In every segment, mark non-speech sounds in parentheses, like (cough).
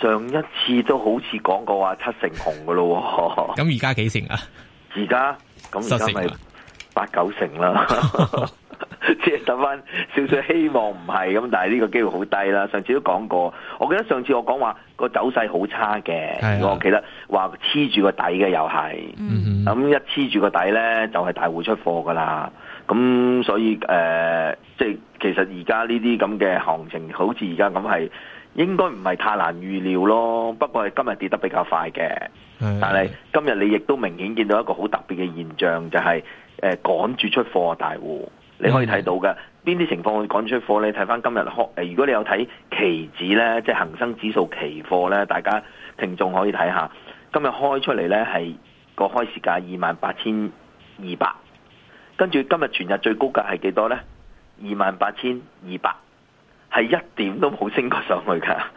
上一次都好似講過話七成紅㗎咯，咁而家幾成啊？而家咁而家咪八九成啦，即係得返少少希望唔係咁，但係呢個機會好低啦。上次都講過，我記得上次我講話個走勢好差嘅，係啊、我記得話黐住個底嘅又係，咁、嗯哼、一黐住個底咧就係、係、大戶出貨噶啦。咁所以誒，即係、呃、其實而家呢啲咁嘅行情，好似而家咁係。應該唔係太難預料咯，不過係今日跌得比較快嘅。是的 但係今日你亦都明顯見到一個好特別嘅現象，就係誒趕住出貨大戶。你可以睇到嘅邊啲情況會趕住出貨呢？睇翻今日開、呃、如果你有睇期指呢，即係恒生指數期貨呢，大家聽眾可以睇下，今日開出嚟呢係個開市價二萬八千二百，跟住今日全日最高價係幾多呢？二萬八千二百。係一點都冇升過上去噶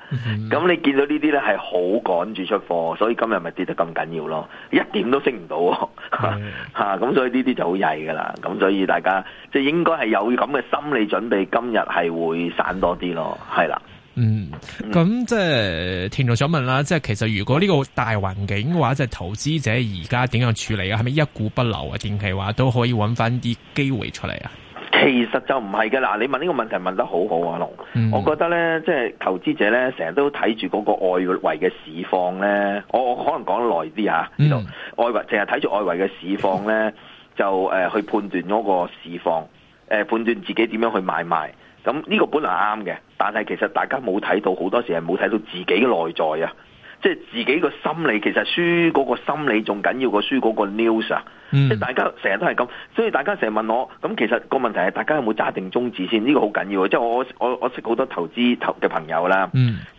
咁、嗯、你見到呢啲咧係好趕住出貨，所以今日咪跌得咁緊要咯？一點都升唔到，吓 (laughs) 咁是的、啊、所以呢啲就好曳噶啦。咁所以大家即係應該係有咁嘅心理準備，今日係會散多啲咯，係啦。嗯，咁即係聽眾想問啦，即係其實如果呢個大環境嘅話，即係投資者而家點樣處理啊？係咪一股不留啊？短期話都可以搵翻啲機會出嚟啊？其實就唔係嘅嗱，你問呢個問題問得好好啊，龍。嗯、我覺得呢，即係投資者呢，成日都睇住嗰個外圍嘅市況呢。我，我可能講耐啲嚇。嗯、外圍成日睇住外圍嘅市況呢，就誒、呃、去判斷嗰個市況、呃，判斷自己點樣去買賣。咁呢個本來啱嘅，但係其實大家冇睇到好多時係冇睇到自己內在啊。即係自己個心理，其實輸嗰個心理仲緊要過輸嗰個 news 啊！即係、嗯、大家成日都係咁，所以大家成日問我，咁其實個問題係大家有冇揸定宗旨先？呢個好緊要，即係我我我識好多投資投嘅朋友啦，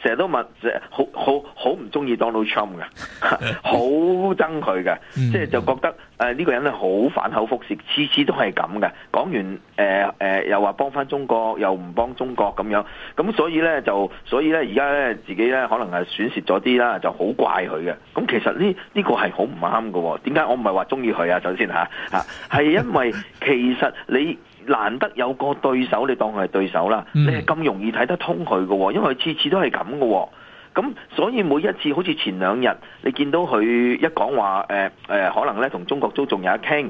成日都問，好好好唔中意 Donald Trump 嘅，好憎佢嘅，嗯、即係就覺得。誒，呢、呃這個人咧好反口覆舌，次次都係咁嘅。講完誒誒、呃呃，又話幫翻中國，又唔幫中國咁樣。咁、嗯、所以咧就，所以咧而家咧自己咧可能係損蝕咗啲啦，就好怪佢嘅。咁其實、這個、呢呢個係好唔啱嘅。點解我唔係話中意佢啊？首先吓吓，係、啊、因為其實你難得有個對手，你當佢係對手啦。你係咁容易睇得通佢嘅，因為佢次次都係咁嘅。咁所以每一次好似前兩日，你見到佢一講話誒誒、呃呃，可能咧同中國都仲有一傾，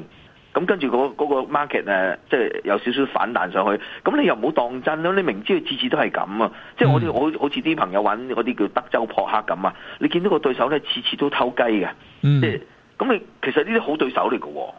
咁跟住嗰個 market 誒，即係有少少反彈上去。咁你又唔好當真咯，你明知佢次次都係咁啊！即係我哋我好似啲朋友玩嗰啲叫德州撲克咁啊，你見到個對手咧次次都偷雞嘅，嗯、即係咁你其實呢啲好對手嚟㗎喎。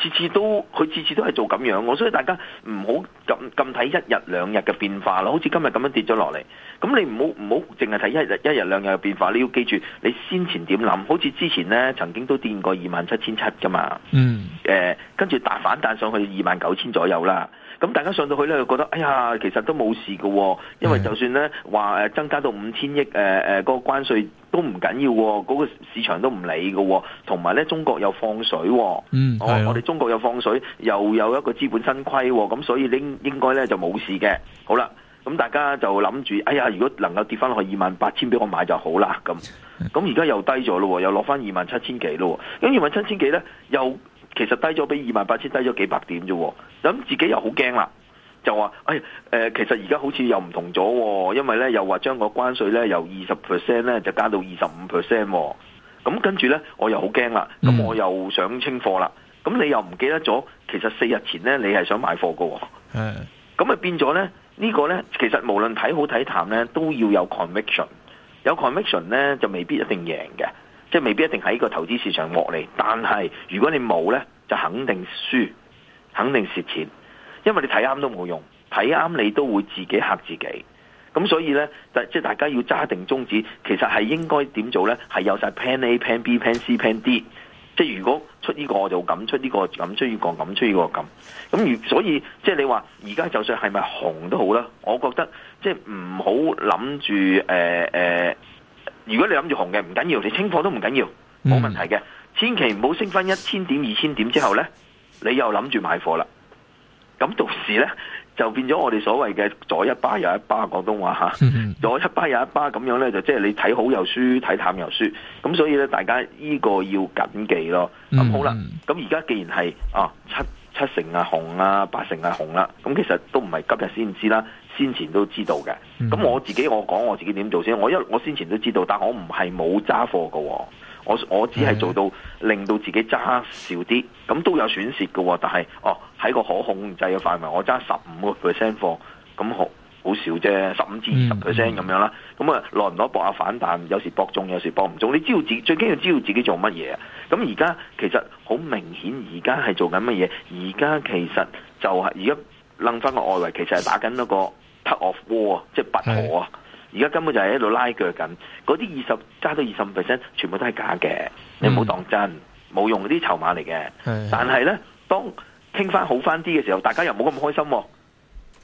次次都佢次次都係做咁樣，我所以大家唔好咁咁睇一日兩日嘅變化咯。好似今日咁樣跌咗落嚟，咁你唔好唔好淨係睇一日一日兩日嘅變化。你要記住你先前點諗，好似之前呢曾經都跌過二萬七千七㗎嘛。嗯、mm. 呃，誒跟住大反彈上去二萬九千左右啦。咁大家上到去呢，就覺得哎呀，其實都冇事嘅喎，因為就算呢話誒增加到五千億誒誒嗰個關稅都唔緊要，嗰個市場都唔理嘅，同埋呢中國又放水喎，嗯，哦、我哋中國又放水，又有一個資本新規喎，咁所以應應該呢，就冇事嘅。好啦，咁大家就諗住，哎呀，如果能夠跌翻落去二萬八千俾我買就好啦，咁，咁而家又低咗咯，又落翻二萬七千幾咯，咁二萬七千幾呢，又。其實低咗比二萬八千低咗幾百點啫，咁自己又好驚啦，就話誒誒，其實而家好似又唔同咗，哦，因為咧又話將個關稅咧由二十 percent 咧就加到二十五 percent，咁跟住咧我又好驚啦，咁我又想清貨啦，咁你又唔記得咗，其實四日前咧你係想買貨嘅，哦，咁咪變咗咧呢，呢個咧其實無論睇好睇淡咧都要有 conviction 有 conviction 咧就未必一定贏嘅。即未必一定喺個投資市場獲利，但係如果你冇呢，就肯定輸，肯定蝕錢。因為你睇啱都冇用，睇啱你都會自己吓自己。咁所以呢，即係大家要揸定宗旨。其實係應該點做呢？係有晒 plan A、plan B、plan C、plan D。即係如果出呢個，我就敢出呢個，敢出呢個，敢出呢個咁。咁如所以，即係你話而家就算係咪紅都好啦，我覺得即係唔好諗住誒誒。呃呃如果你諗住紅嘅唔緊要，你清貨都唔緊要，冇問題嘅。嗯、千祈唔好升翻一千點二千點之後呢，你又諗住買貨啦。咁到時呢，就變咗我哋所謂嘅左一巴右一巴廣東話吓，嗯、左一巴右一巴咁樣呢，就即係你睇好又輸，睇淡又輸。咁所以呢，大家呢個要謹記咯。咁好啦，咁而家既然係啊七七成啊紅啊八成啊紅啦，咁其實都唔係今日先知啦。先前都知道嘅，咁、嗯、我自己我講我自己點做先，我一我先前都知道，但我唔係冇揸貨嘅，我我只係做到的令到自己揸少啲，咁都有損蝕嘅、哦，但係哦喺個可控制嘅範圍，我揸十五個 percent 貨，咁好好少啫，十五至二十 percent 咁樣啦，咁啊落唔攞博下,下反彈，有時博中，有時博唔中，你知道自己最緊要知道自己做乜嘢，咁而家其實好明顯，而家係做緊乜嘢，而家其實就係而家楞翻個外圍，其實係打緊嗰個。of war 即係拔河啊！而家根本就係喺度拉鋸緊嗰啲二十揸到二十五 percent 全部都係假嘅，你唔好當真，冇用嗰啲籌碼嚟嘅。的但係咧，當傾翻好翻啲嘅時候，大家又冇咁開心，哦。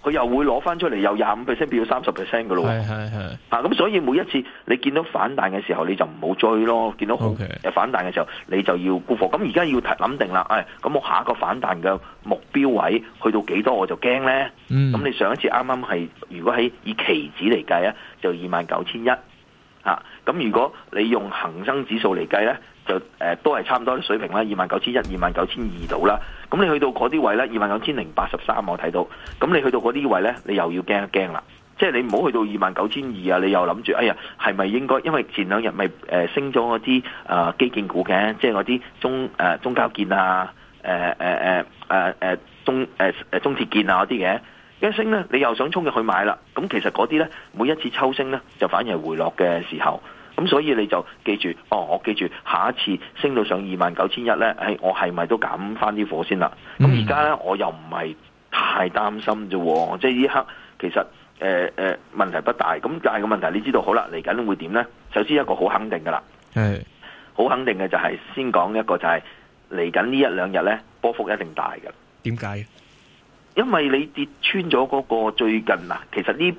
佢又會攞翻出嚟，由廿五 percent 變到三十 percent 嘅咯。係係係。 (music) 啊，咁所以每一次你見到反彈嘅時候，你就唔好追咯。見到好反彈嘅時候，你就要沽貨。咁而家要諗定啦，誒、哎，咁我下一個反彈嘅目標位去到幾多，我就驚咧。咁 (music) 你上一次啱啱係如果喺以期指嚟計咧，就二萬九千一。嚇、啊，咁如果你用恒生指數嚟計咧？就誒、呃、都係差唔多啲水平啦，二萬九千一、二萬九千二度啦。咁你去到嗰啲位咧，二萬九千零八十三，我睇到。咁你去到嗰啲位呢，你又要驚一驚啦。即係你唔好去到二萬九千二啊！你又諗住，哎呀，係咪應該？因為前兩日咪誒升咗一啲誒基建股嘅，即係嗰啲中誒、呃、中交建啊，誒誒誒誒誒中誒誒、呃、中鐵、呃、建啊嗰啲嘅一升呢，你又想衝入去買啦。咁其實嗰啲呢，每一次抽升呢，就反而係回落嘅時候。咁所以你就記住，哦，我記住下一次升到上二萬九千一咧，誒、哎，我係咪都減翻啲貨先啦？咁而家咧，我又唔係太擔心啫，即係依刻其實誒誒、呃呃、問題不大。咁但係個問題，你知道好啦，嚟緊會點咧？首先一個好肯定噶啦，係好的肯定嘅就係、是，先講一個就係嚟緊呢一兩日咧，波幅一定大噶。點解？因為你跌穿咗嗰個最近啊，其實呢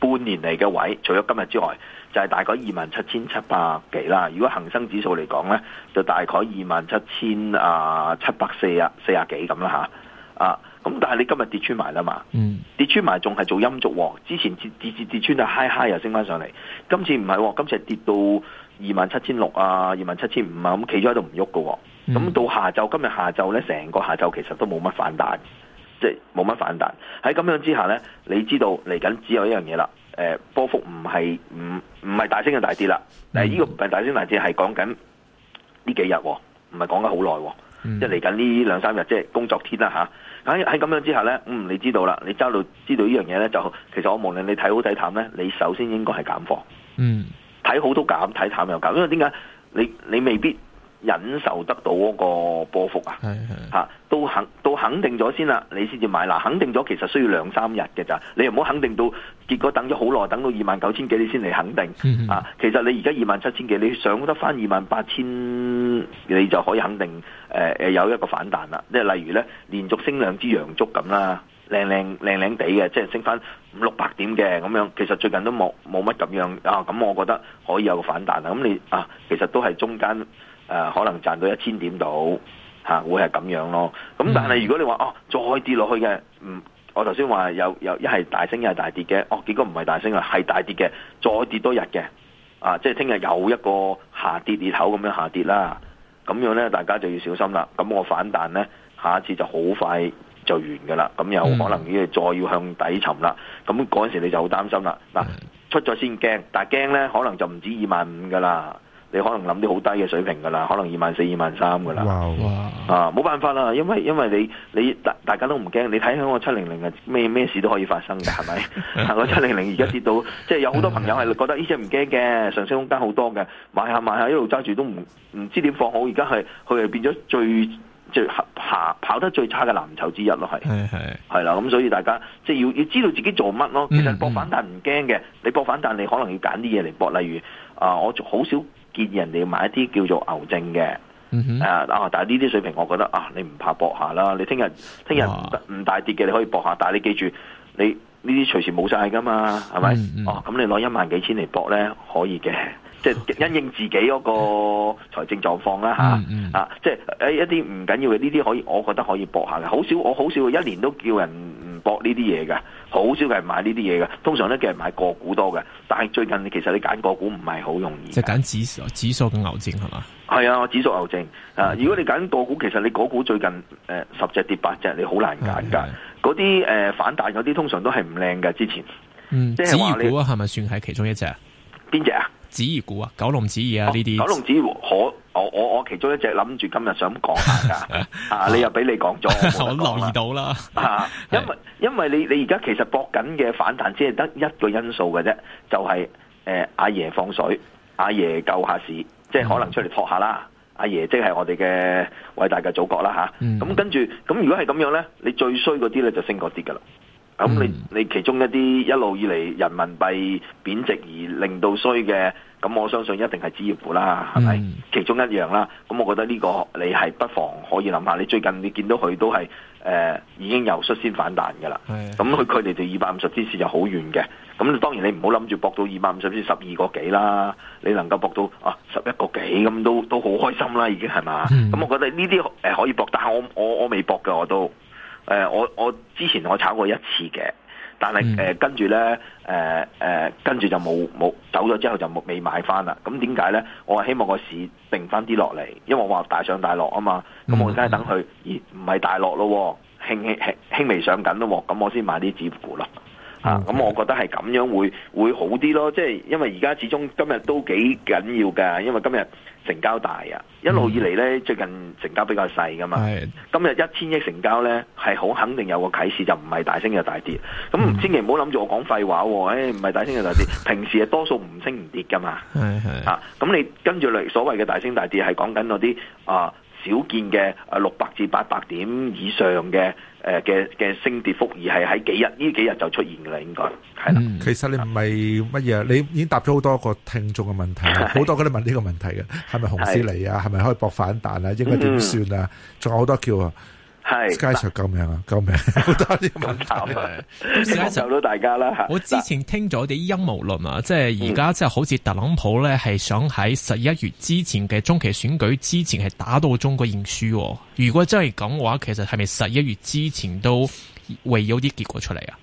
半年嚟嘅位，除咗今日之外。就係大概二萬七千七百幾啦。如果恒生指數嚟講呢，就大概二萬七千啊七百四啊四啊幾咁啦吓，啊，咁、啊、但係你今日跌穿埋啦嘛。嗯。跌穿埋仲係做陰燭喎。之前跌跌跌穿啊嗨嗨又升翻上嚟。今次唔係喎，今次跌到二萬七千六啊，二萬七千五啊咁企咗喺度唔喐㗎。咁、哦嗯、到下晝，今日下晝呢，成個下晝其實都冇乜反彈，即係冇乜反彈。喺咁樣之下呢，你知道嚟緊只有一樣嘢啦。誒、呃，波幅唔係唔唔係大升嘅大跌啦，但係呢個唔係大升大跌，係講緊呢幾日、啊，唔係講緊好耐，即係嚟緊呢兩三日，即係工作天啦、啊、吓。喺喺咁樣之下咧，咁、嗯、你知道啦，你揸到知道呢樣嘢咧，就其實我無論你睇好睇淡咧，你首先應該係減貨。嗯，睇好都減，睇淡又減，因為點解？你你未必。忍受得到嗰個波幅啊，嚇是是、啊，到肯到肯定咗先啦，你先至買。嗱，肯定咗其實需要兩三日嘅咋，你又唔好肯定到結果等咗好耐，等到二萬九千幾你先嚟肯定。啊，其實你而家二萬七千幾，你上得翻二萬八千，你就可以肯定誒誒、呃、有一個反彈啦。即係例如咧，連續升兩支陽燭咁啦，靚靚靚靚地嘅，即係升翻五六百點嘅咁樣。其實最近都冇冇乜咁樣啊，咁我覺得可以有個反彈啦。咁你啊，其實都係中間。誒、呃、可能賺到一千點度、啊，會係咁樣咯。咁、嗯、但係如果你話哦，再跌落去嘅，唔、嗯，我頭先話有有一係大升一係大跌嘅，哦結果唔係大升啊，係大跌嘅，再跌多日嘅，啊，即係聽日有一個下跌裂口咁樣下跌啦。咁樣呢，大家就要小心啦。咁我反彈呢，下一次就好快就完㗎啦。咁又可能要再要向底沉啦。咁嗰陣時你就好擔心啦。嗱、啊，出咗先驚，但係驚呢，可能就唔止二萬五㗎啦。你可能諗啲好低嘅水平噶啦，可能二萬四、二萬三噶啦。啊，冇辦法啦，因為因為你你大大家都唔驚，你睇下我七零零啊，咩咩事都可以發生嘅，係咪？我七零零而家跌到，即係有好多朋友係覺得呢隻唔驚嘅，上升空間好多嘅，買下買下一路揸住都唔唔知點放好。而家係佢係變咗最最爬跑得最差嘅藍籌之一咯，係係係啦。咁所以大家即係要要知道自己做乜咯。其實博反彈唔驚嘅，你博反彈你可能要揀啲嘢嚟博，例如啊，呃，我好少。建議人哋買一啲叫做牛證嘅，嗯哼啊，啊，但係呢啲水平，我覺得啊，你唔怕搏下啦。你聽日聽日唔大跌嘅，你可以搏下。但係你記住，你呢啲隨時冇晒噶嘛，係咪，嗯嗯？哦，啊，咁你攞一萬幾千嚟搏咧，可以嘅，即係因應自己嗰個財政狀況啦，吓，啊，即係、哎，一啲唔緊要嘅呢啲可以，我覺得可以搏下嘅。好少，我好少一年都叫人唔搏呢啲嘢噶。好少人買呢啲嘢嘅，通常咧佢係買個股多嘅，但係最近其實你揀個股唔係好容易。即係揀指數，指數嘅牛證係嘛？係啊，指數牛證啊！如果你揀個股，其實你嗰、mm. 股最近誒十隻跌八隻，你好難揀噶。嗰啲誒反彈嗰啲，通常都係唔靚嘅。之前嗯，紙業股係咪算係其中一隻？邊隻啊？紙業股啊，九龍紙業啊呢啲，哦，九龍紙業可我我我其中一隻諗住今日想講下噶， (laughs) 啊你又俾你講咗，我， (laughs) 我留意到啦，吓，啊，因為， (laughs) 因，為因為你你而家其實搏緊嘅反彈只係得一個因素嘅啫，就係誒阿爺放水，阿爺救下市，即係可能出嚟托下啦，阿爺，mm hmm. 啊，即係我哋嘅偉大嘅祖國啦吓，咁，啊 mm hmm. 啊，跟住咁如果係咁樣咧，你最衰嗰啲咧就升嗰啲噶啦。咁你、嗯、你其中一啲一路以嚟人民幣貶值而令到衰嘅，咁我相信一定係置業股啦，係咪？嗯、其中一樣啦，咁我覺得呢個你係不妨可以諗下。你最近你見到佢都係誒、呃、已經由率先反彈㗎啦，咁佢距離就二百五十支線就好遠嘅。咁當然你唔好諗住博到二百五十支十二個幾啦，你能夠博到啊十一個幾咁都都好開心啦，已經係嘛？咁、嗯、我覺得呢啲誒可以博，但係我我我，我，我未博嘅我都。誒、呃，我我之前我炒過一次嘅，但係誒、嗯、呃、跟住咧，誒、呃、誒、呃、跟住就冇冇走咗之後就冇未買翻啦。咁點解咧？我係希望個市定翻啲落嚟，因為我話大上大落啊嘛。咁我而家等佢而唔係大落咯，輕輕輕微上緊咯，咁我先買啲指數股咯。嗯、啊，咁、嗯、我覺得係咁樣會會好啲咯，即係因為而家始終今日都幾緊要㗎，因為今日成交大啊，一路以嚟咧最近成交比較細㗎嘛。今日一千億成交咧係好肯定有個啟示，就唔係大升又大跌。咁、嗯嗯、千祈唔好諗住我講廢話喎、哦，唔、欸、係大升又大跌， (laughs) 平時係多數唔升唔跌㗎嘛。係係 (laughs) 啊，咁、嗯、你跟住嚟所謂嘅大升大跌係講緊嗰啲啊少見嘅啊六百至八百點以上嘅。誒嘅嘅升跌幅而係喺幾日呢幾日就出現㗎啦，應該係啦。嗯、其實你唔係乜嘢，你已經答咗好多個聽眾嘅問題，好的多佢都問呢個問題嘅，係咪熊市嚟啊？係咪的可以博反彈啊？應該點算啊？仲、嗯嗯、有好多叫。啊！係，是街上救命啊，啊救命！好多啲問題啊，受到大家啦。我之前聽咗啲陰謀論啊，即係而家即係好似特朗普咧，係想喺十一月之前嘅中期選舉之前係打到中國認輸喎。如果真係咁嘅話，其實係咪十一月之前都會有啲結果出嚟啊？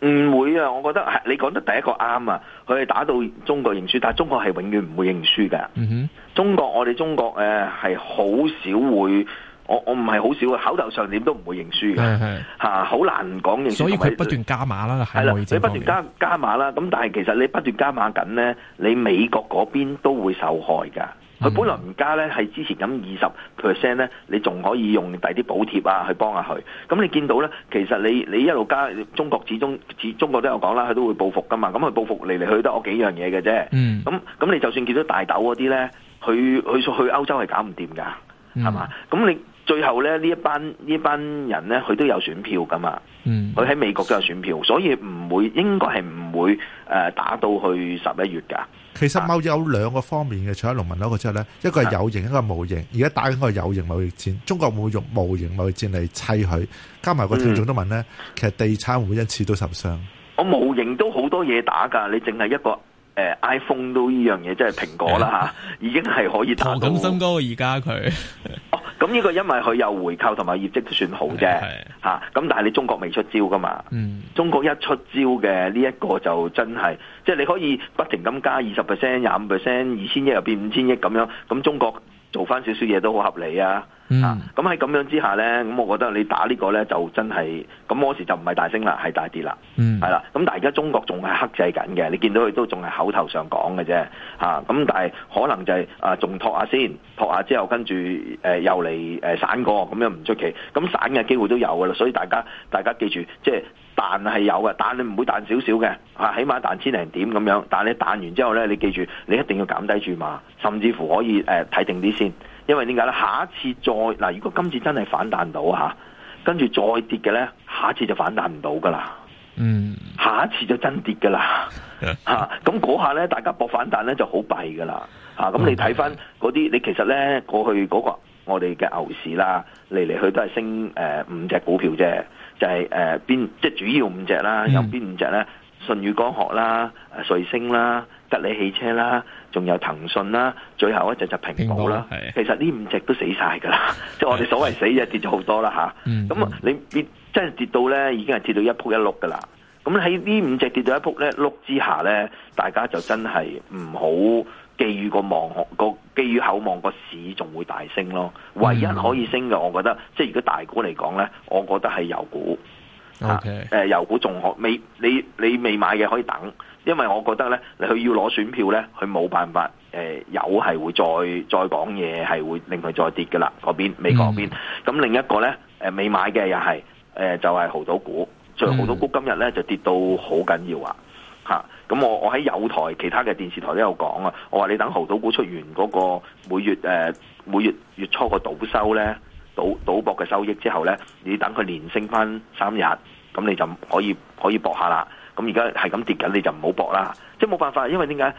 唔會啊，我覺得係你講得第一個啱啊。佢係打到中國認輸，但係中國係永遠唔會認輸㗎。嗯哼，中國我哋中國誒係好少會。我我唔係好少口頭上點都唔會認輸嘅，嚇好、 (noise) 啊、難講認輸。所以佢不斷加碼啦，係啦有，你的不斷加加碼啦。咁但係其實你不斷加碼緊咧，你美國嗰邊都會受害㗎。佢、嗯、本來唔加咧，係之前咁二十 percent 咧，你仲可以用第啲補貼啊去幫下佢。咁你見到咧，其實你你一路加中國，始終始中國都有講啦，佢都會報復㗎嘛。咁佢報復嚟嚟去都嗰幾樣嘢嘅啫。咁咁你就算見到大豆嗰啲咧，佢佢去，去歐洲係搞唔掂㗎，係嘛？咁你。最後咧，呢一班呢班人咧，佢都有選票噶嘛。嗯，佢喺美國都有選票，所以唔會應該係唔會誒打到去十一月㗎。其實，貿有兩個方面嘅，除咗農民嗰個之後咧，一個係有形、啊，一個係無形。而家打緊個有形貿易戰，中國冇用無形貿易戰嚟砌佢？加埋個聽眾都問咧，嗯、其實地產會,會一次都受傷、嗯。我無形都好多嘢打㗎，你淨係一個誒、呃、iPhone 都依樣嘢，即、就、係、是、蘋果啦嚇、啊，已經係可以打到。咁心高，而家佢。咁呢個因為佢有回購同埋業績都算好啫，吓咁是是、啊、但係你中國未出招噶嘛，嗯、中國一出招嘅呢一個就真係，即係你可以不停咁加二十 percent、廿五 percent，二千億又變五千億咁樣，咁、嗯、中國做翻少少嘢都好合理啊。Mm. 啊！咁喺咁樣之下咧，咁我覺得你打呢個咧就真係咁嗰時就唔係大升啦，係大跌啦，係啦、mm.。咁但係而家中國仲係克制緊嘅，你見到佢都仲係口頭上講嘅啫。嚇、啊！咁但係可能就係、是、啊，仲托下先，托下之後跟住誒、呃、又嚟誒、呃、散過咁樣唔出奇。咁散嘅機會都有噶啦，所以大家大家記住，即係彈係有嘅，但你唔會彈少少嘅嚇，起碼彈千零點咁樣。但係你彈完之後咧，你記住你一定要減低注碼，甚至乎可以誒睇、呃呃、定啲先。因為點解咧？下一次再嗱，如果今次真係反彈到吓，啊、跟住再跌嘅咧，下一次就反彈唔到噶啦。嗯，下一次就真跌噶啦。吓、 (laughs) 啊，咁嗰下咧，大家搏反彈咧就好弊噶啦。吓、啊，咁你睇翻嗰啲，你其實咧過去嗰、嗰個我哋嘅牛市啦，嚟嚟去都係升誒、呃、五隻股票啫，就係誒邊即係主要五隻啦，嗯、有邊五隻咧？信宇光學啦、瑞星啦、吉利汽車啦，仲有騰訊啦，最後一隻就蘋果啦。果其實呢五隻都死晒噶 (laughs) 啦，即係我哋所謂死啫，跌咗好多啦吓。咁啊，你即係跌到咧，已經係跌到一仆一碌噶啦。咁喺呢五隻跌到一仆咧碌之下咧，大家就真係唔好寄予個望個寄予厚望個市仲會大升咯。唯一可以升嘅、嗯，我覺得即係如果大股嚟講咧，我覺得係油股。吓，誒 Okay.、啊呃、油股仲可，未你你未買嘅可以等，因為我覺得咧，佢要攞選票咧，佢冇辦法誒、呃、有係會再再講嘢，係會令佢再跌嘅啦。嗰邊美國嗰邊，咁、嗯、另一個咧誒未買嘅又係誒就係、是、豪賭股，所以豪賭股今日咧就跌到好緊要啊！嚇，咁我我喺友台其他嘅電視台都有講啊，我話你等豪賭股出完嗰個每月誒、呃、每月、呃、每月初個賭收咧。賭賭博嘅收益之後呢，你等佢連升翻三日，咁你就可以可以搏下啦。咁而家係咁跌緊，你就唔好搏啦。即係冇辦法，因為點解？誒、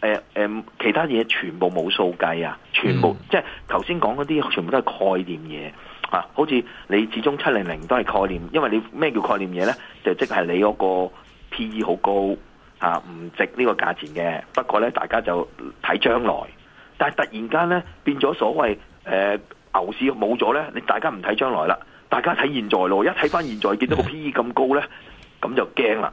呃呃、其他嘢全部冇數計啊，全部、嗯、即係頭先講嗰啲，全部都係概念嘢啊。好似你始終七零零都係概念，因為你咩叫概念嘢呢？就即係你嗰個 PE 好高啊，唔值呢個價錢嘅。不過呢，大家就睇將來。但係突然間呢，變咗所謂誒。呃牛市冇咗咧，你大家唔睇將來啦，大家睇現在咯。一睇翻現在，見到個 PE 咁高咧，咁就驚啦。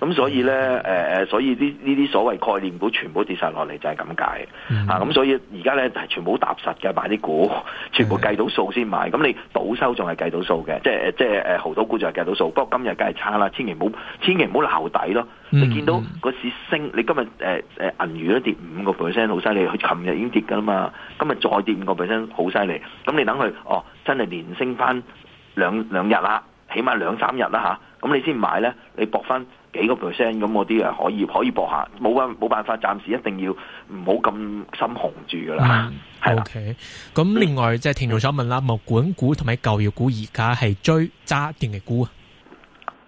咁所以咧，誒誒、嗯，所以啲呢啲所謂概念股全部跌晒落嚟，就係咁解嘅。咁、啊啊嗯、所以而家咧係全部踏實嘅，買啲股，全部計到數先買。咁的你賭收仲係計到數嘅，即係即係誒濠賭股就係計到數。不過今日梗係差啦，千祈唔好，千祈唔好留底咯、啊。嗯、你見到個市升，你今日誒誒銀娛都跌五個 percent，好犀利。佢琴日已經跌㗎啦嘛，今日再跌五個 percent，好犀利。咁你等佢、哦，哦，真係連升翻兩兩日啦，起碼兩三日啦嚇。咁你先買咧，你搏翻。幾個 percent 咁，我啲啊可以可以搏下，冇啊冇辦法，暫時一定要唔好咁心雄住噶啦，係啦、嗯。咁的、okay. 另外即係聽眾想問啦，物管股同埋教育股而家係追揸定係沽啊？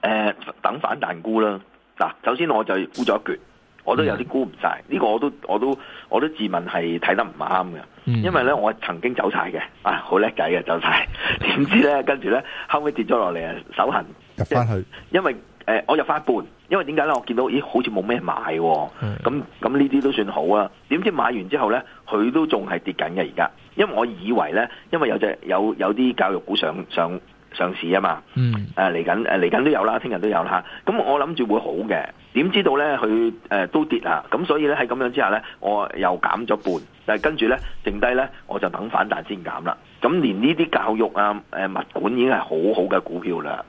誒、呃，等反彈沽啦。嗱，首先我就沽咗一撅，我都有啲沽唔晒，呢、嗯、個我都我都我都自問係睇得唔啱嘅，嗯、因為呢我曾經走晒嘅，啊好叻仔嘅走晒，點知呢？跟住呢，後尾跌咗落嚟啊手痕入翻去，因為。誒、呃，我入翻一半，因為點解咧？我見到咦，好似冇咩買喎、哦。咁咁呢啲都算好啊。點知買完之後咧，佢都仲係跌緊嘅而家。因為我以為咧，因為有隻有有啲教育股上上上市啊嘛。誒嚟緊誒嚟緊都有啦，聽日都有啦嚇。咁我諗住會好嘅，點知道咧佢誒都跌啦。咁所以咧喺咁樣之下咧，我又減咗半，但係跟住咧剩低咧我就等反彈先減啦。咁連呢啲教育啊誒物管已經係好好嘅股票啦。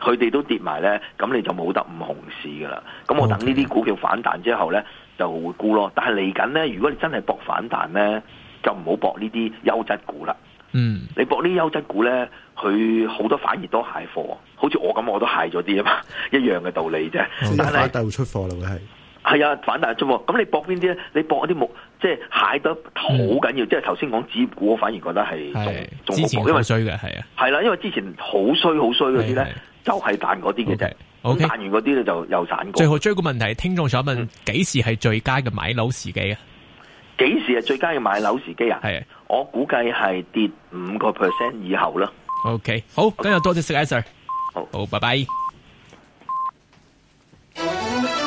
佢哋都跌埋咧，咁你就冇得唔熊市噶啦。咁我等呢啲股票反彈之後咧，就會沽咯。但係嚟緊咧，如果你真係搏反彈咧，就唔好搏呢啲優質股啦。嗯，你搏呢啲優質股咧，佢好多反而都蟹貨。好似我咁，我都蟹咗啲啊嘛，一樣嘅道理啫。但係反大會出貨啦，會係係啊，反彈出貨。咁你搏邊啲咧？你搏一啲木，即係蟹得好緊要。即係頭先講紙業股，我反而覺得係仲仲搏，因為衰嘅係啊。係啦，因為之前好衰好衰嗰啲咧。就係彈嗰啲嘅啫，咁彈 Okay, okay. 完嗰啲咧就又散過。最後追個問題，聽眾想問，幾、嗯、時係最佳嘅買樓時機啊？幾時係最佳嘅買樓時機啊？係，我估計係跌五個 percent 以後啦。OK，好，okay。今日多謝 Sir，好好，拜拜。 (music)